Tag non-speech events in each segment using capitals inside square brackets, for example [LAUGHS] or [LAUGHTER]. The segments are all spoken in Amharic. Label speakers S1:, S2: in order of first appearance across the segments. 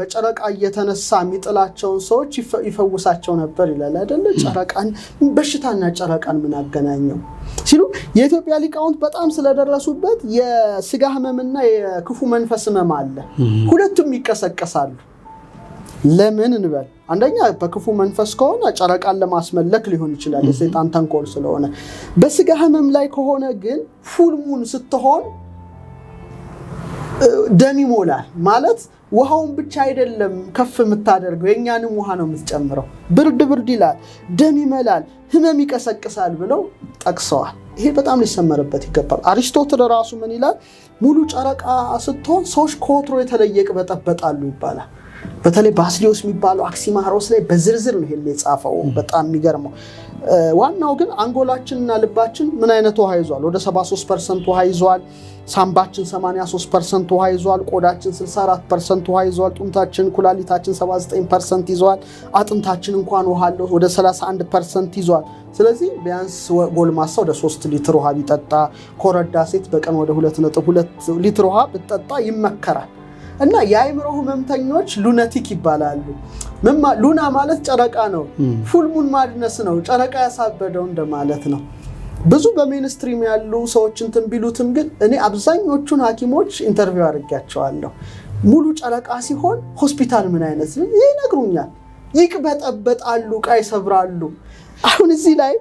S1: በጨረቃ እየተነሳ የሚጥላቸውን ሰዎች ይፈውሳቸው ነበር ይላል አይደለ? ጨረቃን በሽታና ጨረቃን ምን አገናኘው ሲሉ የኢትዮጵያ ሊቃውንት በጣም ስለደረሱበት የስጋ ህመምና የክፉ መንፈስ ህመም አለ። ሁለቱም ይቀሰቀሳሉ። ለምን እንበል፣ አንደኛ በክፉ መንፈስ ከሆነ ጨረቃን ለማስመለክ ሊሆን ይችላል፣ የሰይጣን ተንኮል ስለሆነ። በስጋ ህመም ላይ ከሆነ ግን ፉልሙን ስትሆን ደም ይሞላል ማለት ውሃውን ብቻ አይደለም ከፍ የምታደርገው የእኛንም ውሃ ነው የምትጨምረው። ብርድ ብርድ ይላል፣ ደም ይመላል፣ ህመም ይቀሰቅሳል ብለው ጠቅሰዋል። ይሄ በጣም ሊሰመርበት ይገባል። አሪስቶትል ራሱ ምን ይላል? ሙሉ ጨረቃ ስትሆን ሰዎች ከወትሮ የተለየ ይቅበጠበጣሉ ይባላል። በተለይ ባስሊዮስ የሚባለው አክሲማሮስ ላይ በዝርዝር ነው ይሄን የጻፈው። በጣም የሚገርመው ዋናው ግን አንጎላችንና ልባችን ምን አይነት ውሃ ይዟል? ወደ 73 ፐርሰንት ውሃ ይዟል። ሳምባችን 83 ፐርሰንት ውሃ ይዟል። ቆዳችን 64 ፐርሰንት ውሃ ይዟል። ጡንታችን፣ ኩላሊታችን 79 ፐርሰንት ይዟል። አጥንታችን እንኳን ውሃ አለው ወደ 31 ፐርሰንት ይዟል። ስለዚህ ቢያንስ ጎልማሳ ወደ 3 ሊትር ውሃ ቢጠጣ፣ ኮረዳ ሴት በቀን ወደ 2.2 ሊትር ውሃ ብትጠጣ ይመከራል። እና የአይምሮ ህመምተኞች ሉነቲክ ይባላሉ። ሉና ማለት ጨረቃ ነው። ፉልሙን ማድነስ ነው፣ ጨረቃ ያሳበደው እንደማለት ነው። ብዙ በሜንስትሪም ያሉ ሰዎች እንትን ቢሉትም ግን እኔ አብዛኞቹን ሐኪሞች ኢንተርቪው አድርጊያቸዋለሁ። ሙሉ ጨረቃ ሲሆን ሆስፒታል ምን አይነት ይነግሩኛል። ይቅበጠበጣሉ፣ ዕቃ ይሰብራሉ። አሁን እዚህ ላይ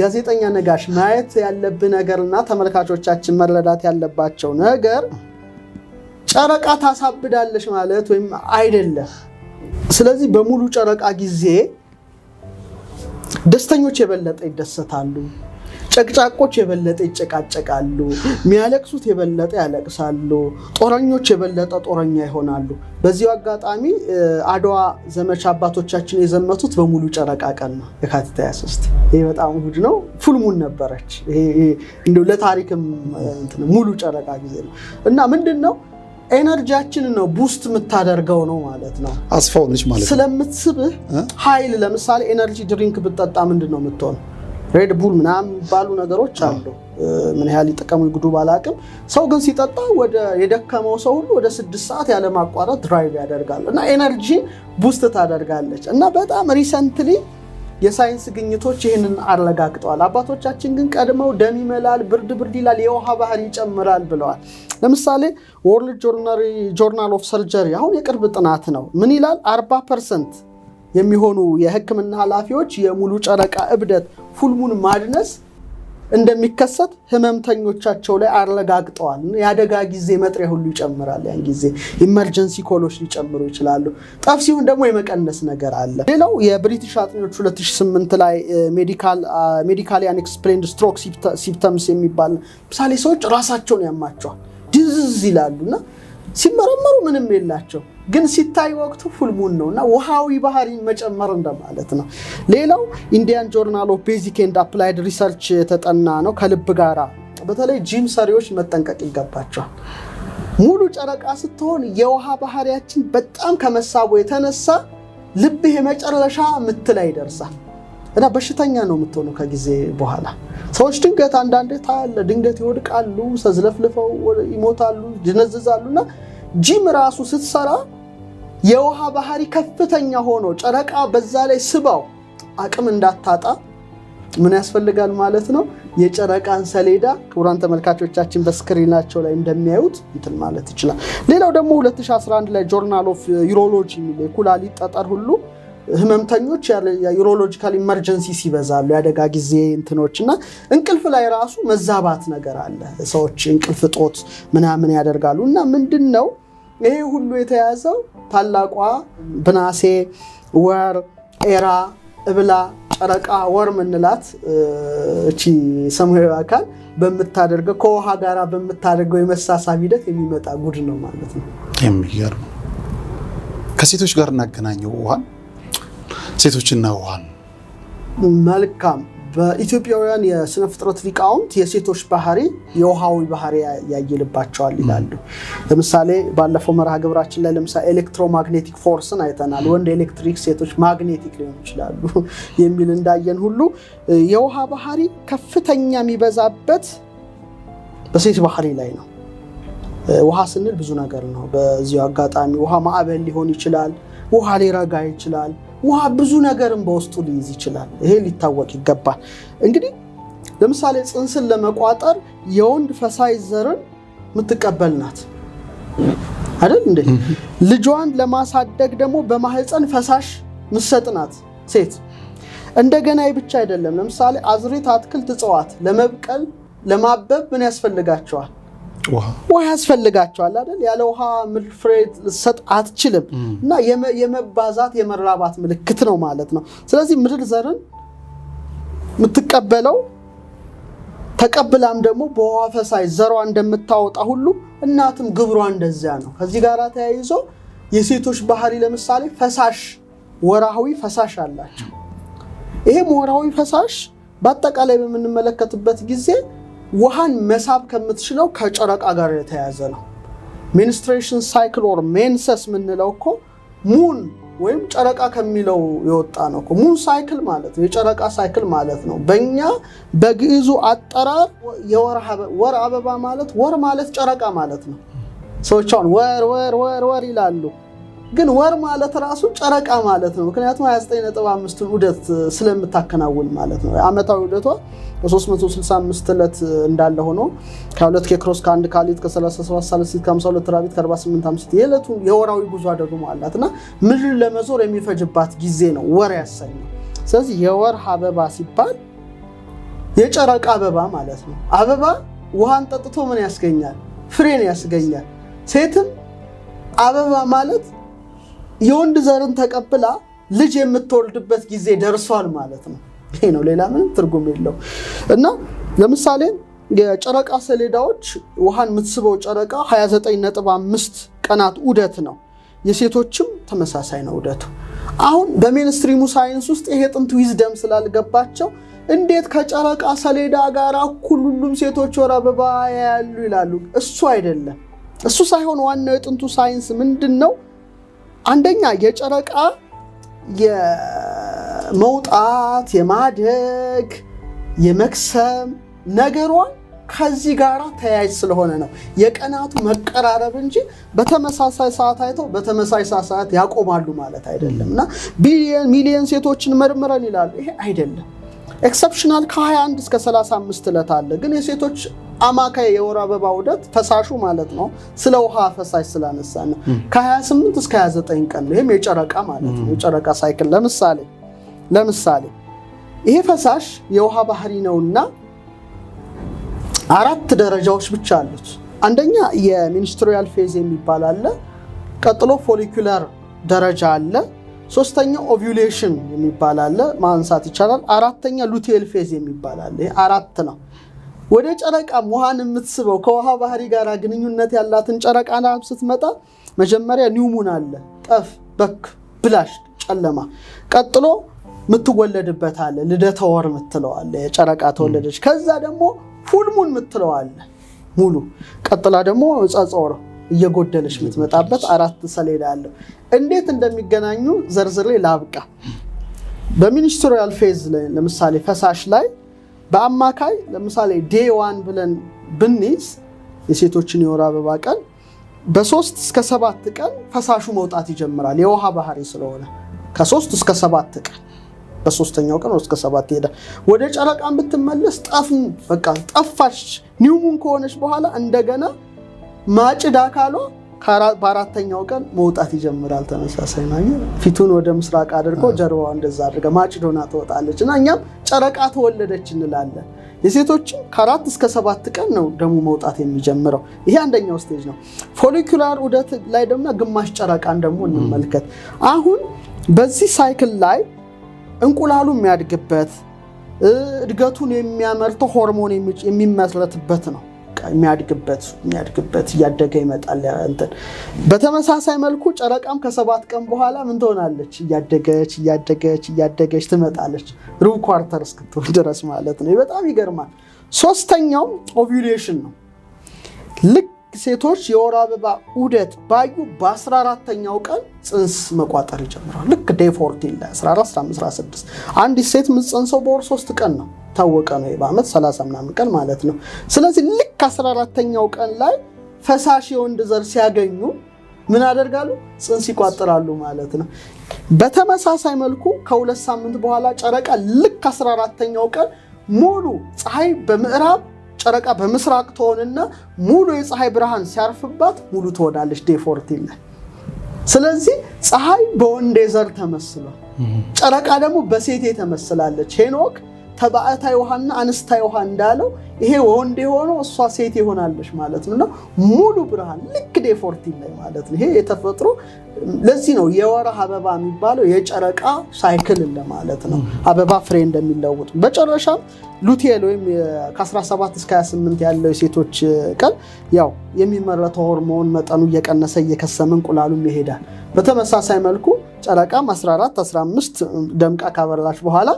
S1: ጋዜጠኛ ነጋሽ ማየት ያለብህ ነገርና ተመልካቾቻችን መረዳት ያለባቸው ነገር ጨረቃ ታሳብዳለች ማለት ወይም አይደለም። ስለዚህ በሙሉ ጨረቃ ጊዜ ደስተኞች የበለጠ ይደሰታሉ፣ ጨቅጫቆች የበለጠ ይጨቃጨቃሉ፣ የሚያለቅሱት የበለጠ ያለቅሳሉ፣ ጦረኞች የበለጠ ጦረኛ ይሆናሉ። በዚሁ አጋጣሚ አድዋ ዘመቻ አባቶቻችን የዘመቱት በሙሉ ጨረቃ ቀን ነው፣ የካቲት 23። ይህ በጣም እሑድ ነው። ፉልሙን ነበረች። እንደው ለታሪክም ሙሉ ጨረቃ ጊዜ ነው እና ምንድን ነው ኤነርጂያችን ነው ቡስት የምታደርገው ነው ማለት ነው።
S2: አስፋውነች ማለት
S1: ስለምትስብህ ኃይል ለምሳሌ ኤነርጂ ድሪንክ ብጠጣ ምንድን ነው የምትሆን? ሬድ ቡል ምናምን የሚባሉ ነገሮች አሉ። ምን ያህል ይጠቀሙ ይጉዱ ባላቅም፣ ሰው ግን ሲጠጣ ወደ የደከመው ሰው ሁሉ ወደ ስድስት ሰዓት ያለማቋረጥ ድራይቭ ያደርጋል እና ኤነርጂን ቡስት ታደርጋለች እና በጣም ሪሰንትሊ የሳይንስ ግኝቶች ይህንን አረጋግጠዋል። አባቶቻችን ግን ቀድመው ደም ይመላል፣ ብርድ ብርድ ይላል፣ የውሃ ባህር ይጨምራል ብለዋል። ለምሳሌ ወርልድ ጆርናል ኦፍ ሰርጀሪ አሁን የቅርብ ጥናት ነው። ምን ይላል? 40 ፐርሰንት የሚሆኑ የህክምና ኃላፊዎች የሙሉ ጨረቃ እብደት ፉልሙን ማድነስ እንደሚከሰት ህመምተኞቻቸው ላይ አረጋግጠዋል። የአደጋ ጊዜ መጥሪያ ሁሉ ይጨምራል። ያን ጊዜ ኢመርጀንሲ ኮሎች ሊጨምሩ ይችላሉ። ጠፍ ሲሆን ደግሞ የመቀነስ ነገር አለ። ሌላው የብሪቲሽ አጥኞች 2008 ላይ ሜዲካሊ አንኤክስፕሌንድ ስትሮክ ሲፕተምስ የሚባል ምሳሌ ሰዎች ራሳቸውን ያማቸዋል፣ ድዝዝ ይላሉ እና ሲመረመሩ ምንም የላቸው፣ ግን ሲታይ ወቅቱ ፉልሙን ነው እና ውሃዊ ባህሪ መጨመር እንደማለት ነው። ሌላው ኢንዲያን ጆርናል ኦፍ ቤዚክ ኤንድ አፕላይድ ሪሰርች የተጠና ነው። ከልብ ጋራ በተለይ ጂም ሰሪዎች መጠንቀቅ ይገባቸዋል። ሙሉ ጨረቃ ስትሆን የውሃ ባህሪያችን በጣም ከመሳቡ የተነሳ ልብህ የመጨረሻ ምት ላይ ይደርሳል። እና በሽተኛ ነው የምትሆኑ ከጊዜ በኋላ። ሰዎች ድንገት አንዳንዴ ታያለ፣ ድንገት ይወድቃሉ፣ ሰዝለፍልፈው ይሞታሉ፣ ይነዝዛሉ። እና ጂም ራሱ ስትሰራ የውሃ ባህሪ ከፍተኛ ሆኖ ጨረቃ በዛ ላይ ስባው አቅም እንዳታጣ ምን ያስፈልጋል ማለት ነው? የጨረቃን ሰሌዳ ክቡራን ተመልካቾቻችን በስክሪናቸው ላይ እንደሚያዩት እንትን ማለት ይችላል። ሌላው ደግሞ 2011 ላይ ጆርናል ኦፍ ዩሮሎጂ የሚል የኩላሊት ጠጠር ሁሉ ህመምተኞች ዩሮሎጂካል ኢመርጀንሲ ሲበዛሉ የአደጋ ጊዜ እንትኖች እና እንቅልፍ ላይ ራሱ መዛባት ነገር አለ። ሰዎች እንቅልፍ እጦት ምናምን ያደርጋሉ እና ምንድን ነው ይሄ ሁሉ የተያዘው ታላቋ ብናሴ ወር ኤራ እብላ ጨረቃ ወር ምንላት እቺ ሰማያዊ አካል በምታደርገው ከውሃ ጋር በምታደርገው የመሳሳብ ሂደት የሚመጣ ጉድ ነው ማለት ነው።
S2: የሚገርም ከሴቶች ጋር እናገናኘው ውሃን ሴቶችና ውሃን።
S1: መልካም። በኢትዮጵያውያን የስነ ፍጥረት ሊቃውንት የሴቶች ባህሪ የውሃዊ ባህሪ ያየልባቸዋል ይላሉ። ለምሳሌ ባለፈው መርሃ ግብራችን ላይ ለምሳሌ ኤሌክትሮማግኔቲክ ፎርስን አይተናል። ወንድ ኤሌክትሪክ፣ ሴቶች ማግኔቲክ ሊሆኑ ይችላሉ [LAUGHS] የሚል እንዳየን ሁሉ የውሃ ባህሪ ከፍተኛ የሚበዛበት በሴት ባህሪ ላይ ነው። ውሃ ስንል ብዙ ነገር ነው። በዚሁ አጋጣሚ ውሃ ማዕበል ሊሆን ይችላል። ውሃ ሊረጋ ይችላል። ውሃ ብዙ ነገርን በውስጡ ሊይዝ ይችላል። ይሄ ሊታወቅ ይገባል። እንግዲህ ለምሳሌ ጽንስን ለመቋጠር የወንድ ፈሳሽ ዘርን የምትቀበል ናት አይደል እንዴ? ልጇን ለማሳደግ ደግሞ በማህፀን ፈሳሽ ምሰጥ ናት ሴት። እንደገና ብቻ አይደለም። ለምሳሌ አዝሬት፣ አትክልት፣ እጽዋት ለመብቀል ለማበብ ምን ያስፈልጋቸዋል? ውሃ ያስፈልጋቸዋል አይደል? ያለ ውሃ ምድር ፍሬ ልትሰጥ አትችልም። እና የመባዛት የመራባት ምልክት ነው ማለት ነው። ስለዚህ ምድር ዘርን የምትቀበለው ተቀብላም ደግሞ በውሃ ፈሳይ ዘሯ እንደምታወጣ ሁሉ እናትም ግብሯ እንደዚያ ነው። ከዚህ ጋር ተያይዞ የሴቶች ባህሪ ለምሳሌ ፈሳሽ ወራዊ ፈሳሽ አላቸው። ይሄም ወራዊ ፈሳሽ በአጠቃላይ በምንመለከትበት ጊዜ ውሃን መሳብ ከምትችለው ከጨረቃ ጋር የተያያዘ ነው። ሚኒስትሬሽን ሳይክል ኦር ሜንሰስ የምንለው እኮ ሙን ወይም ጨረቃ ከሚለው የወጣ ነው። ሙን ሳይክል ማለት ነው፣ የጨረቃ ሳይክል ማለት ነው። በእኛ በግዕዙ አጠራር ወር አበባ ማለት ወር ማለት ጨረቃ ማለት ነው። ሰዎች አሁን ወር ወር ወር ወር ይላሉ። ግን ወር ማለት ራሱ ጨረቃ ማለት ነው። ምክንያቱም 295 ውደት ስለምታከናውን ማለት ነው። ዓመታዊ ውደቷ በ365 ዕለት እንዳለ ሆኖ ከ2 ኬክሮስ ከ1 ካሊት ከ37 ሳልሲት ከ52 ራቢት ከ48 አምስት የዕለቱ የወራዊ ጉዞ ደግሞ አላት እና ምድር ለመዞር የሚፈጅባት ጊዜ ነው ወር ያሰኘው። ስለዚህ የወር አበባ ሲባል የጨረቃ አበባ ማለት ነው። አበባ ውሃን ጠጥቶ ምን ያስገኛል? ፍሬን ያስገኛል። ሴትም አበባ ማለት የወንድ ዘርን ተቀብላ ልጅ የምትወልድበት ጊዜ ደርሷል ማለት ነው። ይሄ ነው፣ ሌላ ምንም ትርጉም የለው እና ለምሳሌ የጨረቃ ሰሌዳዎች ውሃን የምትስበው ጨረቃ 29.5 ቀናት ዑደት ነው። የሴቶችም ተመሳሳይ ነው ዑደቱ። አሁን በሜንስትሪሙ ሳይንስ ውስጥ ይሄ ጥንት ዊዝደም ስላልገባቸው እንዴት ከጨረቃ ሰሌዳ ጋር እኩል ሁሉም ሴቶች ወር አበባ ያሉ ይላሉ። እሱ አይደለም፣ እሱ ሳይሆን ዋናው የጥንቱ ሳይንስ ምንድን ነው? አንደኛ የጨረቃ የመውጣት የማደግ የመክሰም ነገሯን ከዚህ ጋር ተያያዥ ስለሆነ ነው የቀናቱ መቀራረብ እንጂ በተመሳሳይ ሰዓት አይተው በተመሳሳይ ሰዓት ያቆማሉ ማለት አይደለም እና ሚሊየን ሴቶችን መርምረን ይላሉ። ይሄ አይደለም። ኤክሰፕሽናል ከ21 እስከ 35 ዕለት አለ። ግን የሴቶች አማካይ የወር አበባ ውደት ፈሳሹ ማለት ነው። ስለ ውሃ ፈሳሽ ስላነሳን ከ28 እስከ 29 ቀን ነው። ይህም የጨረቃ ማለት ነው። የጨረቃ ሳይክል ለምሳሌ ለምሳሌ ይሄ ፈሳሽ የውሃ ባህሪ ነውና አራት ደረጃዎች ብቻ አሉት። አንደኛ የሚኒስትሪያል ፌዝ የሚባል አለ። ቀጥሎ ፎሊኩለር ደረጃ አለ። ሶስተኛው ኦቪዩሌሽን የሚባል አለ፣ ማንሳት ይቻላል። አራተኛ ሉቴል ፌዝ የሚባል አለ። አራት ነው። ወደ ጨረቃም ውሃን የምትስበው ከውሃ ባህሪ ጋር ግንኙነት ያላትን ጨረቃ ናብ ስትመጣ መጀመሪያ ኒውሙን አለ፣ ጠፍ፣ በክ፣ ብላሽ፣ ጨለማ። ቀጥሎ የምትወለድበት አለ፣ ልደተ ወር የምትለዋለ፣ የጨረቃ ተወለደች። ከዛ ደግሞ ፉልሙን የምትለዋለ ሙሉ። ቀጥላ ደግሞ ጸጸወር እየጎደለሽ የምትመጣበት አራት ሰሌዳ ያለው እንዴት እንደሚገናኙ ዘርዝሬ ላብቃ። በሚኒስትሪያል ፌዝ ላይ ለምሳሌ ፈሳሽ ላይ በአማካይ ለምሳሌ ዴ ዋን ብለን ብንይዝ የሴቶችን የወር አበባ ቀን በሶስት እስከ ሰባት ቀን ፈሳሹ መውጣት ይጀምራል። የውሃ ባህሪ ስለሆነ ከሶስት እስከ ሰባት ቀን በሶስተኛው ቀን እስከ ሰባት ይሄዳል። ወደ ጨረቃን ብትመለስ ጠፍ በቃ ጠፋች። ኒውሙን ከሆነች በኋላ እንደገና ማጭድ አካሉ በአራተኛው ቀን መውጣት ይጀምራል። ተመሳሳይ ነገር ፊቱን ወደ ምስራቅ አድርጎ ጀርባዋ እንደዛ አድርገ ማጭድ ሆና ትወጣለች እና እኛም ጨረቃ ተወለደች እንላለን። የሴቶችም ከአራት እስከ ሰባት ቀን ነው ደሙ መውጣት የሚጀምረው። ይሄ አንደኛው ስቴጅ ነው። ፎሊኩላር ውደት ላይ ደግሞ ግማሽ ጨረቃን ደግሞ እንመልከት። አሁን በዚህ ሳይክል ላይ እንቁላሉ የሚያድግበት እድገቱን የሚያመርተው ሆርሞን የሚመረትበት ነው። የሚያድግበት የሚያድግበት እያደገ ይመጣል። እንትን በተመሳሳይ መልኩ ጨረቃም ከሰባት ቀን በኋላ ምን ትሆናለች? እያደገች እያደገች እያደገች ትመጣለች፣ ሩብ ኳርተር እስክትሆን ድረስ ማለት ነው። በጣም ይገርማል። ሶስተኛው ኦቪሌሽን ነው። ልክ ሴቶች የወር አበባ ዑደት ባዩ በ14ተኛው ቀን ፅንስ መቋጠር ይጀምራል። ልክ ዴይ ፎርቲን ላይ 14፣ 15፣ አንዲት ሴት የምትፀንሰው በወር ሶስት ቀን ነው ታወቀ ነው። በዓመት 30 ምናምን ቀን ማለት ነው። ስለዚህ 14ተኛው ቀን ላይ ፈሳሽ የወንድ ዘር ሲያገኙ ምን ያደርጋሉ? ጽንስ ይቋጥራሉ ማለት ነው። በተመሳሳይ መልኩ ከሁለት ሳምንት በኋላ ጨረቃ ልክ 14ተኛው ቀን ሙሉ ፀሐይ በምዕራብ ጨረቃ በምስራቅ ትሆንና ሙሉ የፀሐይ ብርሃን ሲያርፍባት ሙሉ ትሆናለች። ዴይ ፎርቲን ላይ ስለዚህ ፀሐይ በወንዴ ዘር ተመስሏል። ጨረቃ ደግሞ በሴቴ ተመስላለች ሄኖክ ተባዕታ ውሃና አንስታ ውሃ እንዳለው ይሄ ወንድ የሆነው እሷ ሴት የሆናለች ማለት ነው። ሙሉ ብርሃን ልክ ዴፎርቲ ላይ ማለት ነው። ይሄ የተፈጥሮ ለዚህ ነው የወርህ አበባ የሚባለው የጨረቃ ሳይክል ለማለት ነው። አበባ ፍሬ እንደሚለውጥ በጨረሻም ሉቴል ወይም ከ17 እስከ 28 ያለው የሴቶች ቀን ያው የሚመረተው ሆርሞን መጠኑ እየቀነሰ እየከሰመ እንቁላሉም ይሄዳል። በተመሳሳይ መልኩ ጨረቃም 14 15 ደምቃ ካበራች በኋላ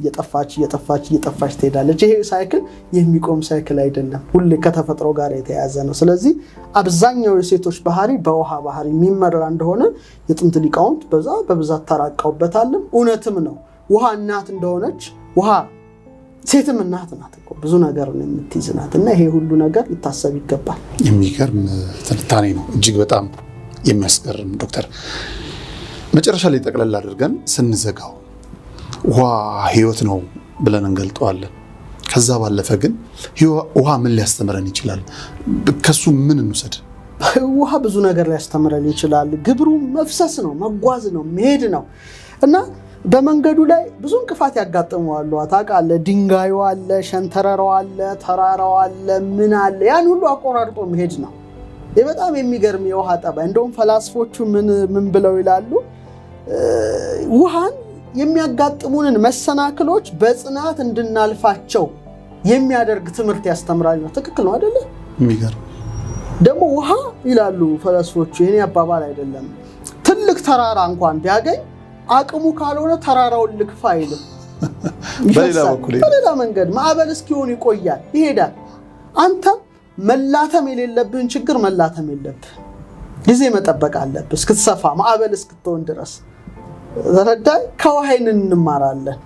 S1: እየጠፋች እየጠፋች እየጠፋች ትሄዳለች። ይሄ ሳይክል የሚቆም ሳይክል አይደለም፣ ሁሌ ከተፈጥሮ ጋር የተያያዘ ነው። ስለዚህ አብዛኛው የሴቶች ባህሪ በውሃ ባህሪ የሚመራ እንደሆነ የጥንት ሊቃውንት በዛ በብዛት ተራቀውበታልም። እውነትም ነው። ውሃ እናት እንደሆነች ውሃ ሴትም እናት ናት ብዙ ነገር የምትይዝ ናት። እና ይሄ ሁሉ ነገር ሊታሰብ ይገባል።
S2: የሚገርም ትንታኔ ነው፣ እጅግ በጣም የሚያስገርም ዶክተር። መጨረሻ ላይ ጠቅለል አድርገን ስንዘጋው ውሃ ህይወት ነው ብለን እንገልጠዋለን። ከዛ ባለፈ ግን ውሃ ምን ሊያስተምረን ይችላል? ከሱ ምን እንውሰድ?
S1: ውሃ ብዙ ነገር ሊያስተምረን ይችላል። ግብሩ መፍሰስ ነው፣ መጓዝ ነው፣ መሄድ ነው እና በመንገዱ ላይ ብዙ እንቅፋት ያጋጥመዋል። ታውቃለህ፣ ድንጋዩ አለ፣ ሸንተረረው አለ፣ ተራራው አለ፣ ምን አለ፣ ያን ሁሉ አቆራርጦ መሄድ ነው። ይህ በጣም የሚገርም የውሃ ጠባይ። እንደውም ፈላስፎቹ ምን ምን ብለው ይላሉ ውሃን የሚያጋጥሙንን መሰናክሎች በጽናት እንድናልፋቸው የሚያደርግ ትምህርት ያስተምራል ነው። ትክክል ነው አይደለ? የሚገርም ደግሞ ውሃ ይላሉ ፈለስፎቹ፣ ይህኔ አባባል አይደለም። ትልቅ ተራራ እንኳን ቢያገኝ አቅሙ ካልሆነ ተራራውን ልክፋ አይልም።
S2: [LAUGHS] በሌላ
S1: መንገድ ማዕበል እስኪሆን ይቆያል፣ ይሄዳል። አንተ መላተም የሌለብህን ችግር መላተም የለብህ ጊዜ መጠበቅ አለብህ፣ እስክትሰፋ ማዕበል እስክትሆን ድረስ ተረዳይ ከውሃይን እንማራለን።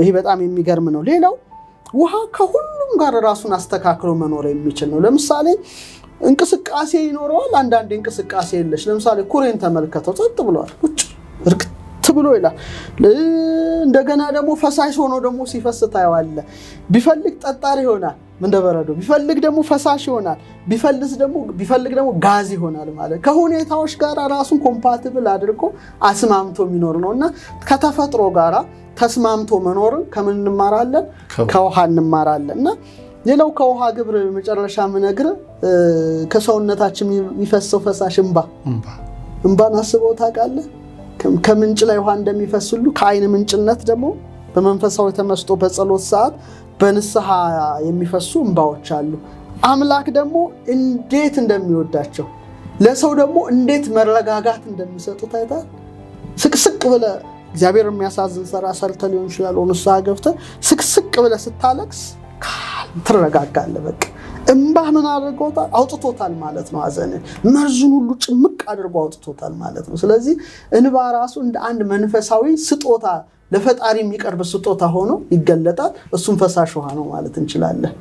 S1: ይሄ በጣም የሚገርም ነው። ሌላው ውሃ ከሁሉም ጋር ራሱን አስተካክሎ መኖር የሚችል ነው። ለምሳሌ እንቅስቃሴ ይኖረዋል፣ አንዳንዴ እንቅስቃሴ የለሽ። ለምሳሌ ኩሬን ተመልከተው፣ ጸጥ ብለዋል፣ ውጭ እርክት ብሎ ይላል። እንደገና ደግሞ ፈሳሽ ሆኖ ደግሞ ሲፈስ ታየዋለህ። ቢፈልግ ጠጣር ይሆናል ምንደበረዶ ቢፈልግ ደግሞ ፈሳሽ ይሆናል፣ ቢፈልስ ደግሞ ቢፈልግ ደግሞ ጋዝ ይሆናል። ማለት ከሁኔታዎች ጋር ራሱን ኮምፓቲብል አድርጎ አስማምቶ የሚኖር ነው እና ከተፈጥሮ ጋር ተስማምቶ መኖርን ከምን እንማራለን? ከውሃ እንማራለን እና ሌላው ከውሃ ግብር መጨረሻ ምነግር ከሰውነታችን የሚፈሰው ፈሳሽ እንባ እንባን አስበው ታውቃለህ? ከምንጭ ላይ ውሃ እንደሚፈስሉ ከአይን ምንጭነት ደግሞ በመንፈሳዊ ተመስጦ በጸሎት ሰዓት በንስሐ የሚፈሱ እንባዎች አሉ። አምላክ ደግሞ እንዴት እንደሚወዳቸው ለሰው ደግሞ እንዴት መረጋጋት እንደሚሰጡ ታይታል። ስቅስቅ ብለ እግዚአብሔር የሚያሳዝን ስራ ሰርተ ሊሆን ይችላል። ንስሐ ገብተ ስቅስቅ ብለ ስታለቅስ ትረጋጋለ። በቃ እምባህ ምን አድርጎታል? አውጥቶታል ማለት ነው። አዘን መርዙን ሁሉ ጭምቅ አድርጎ አውጥቶታል ማለት ነው። ስለዚህ እንባ ራሱ እንደ አንድ መንፈሳዊ ስጦታ ለፈጣሪ የሚቀርብ ስጦታ ሆኖ ይገለጣል። እሱም ፈሳሽ ውሃ ነው ማለት እንችላለን።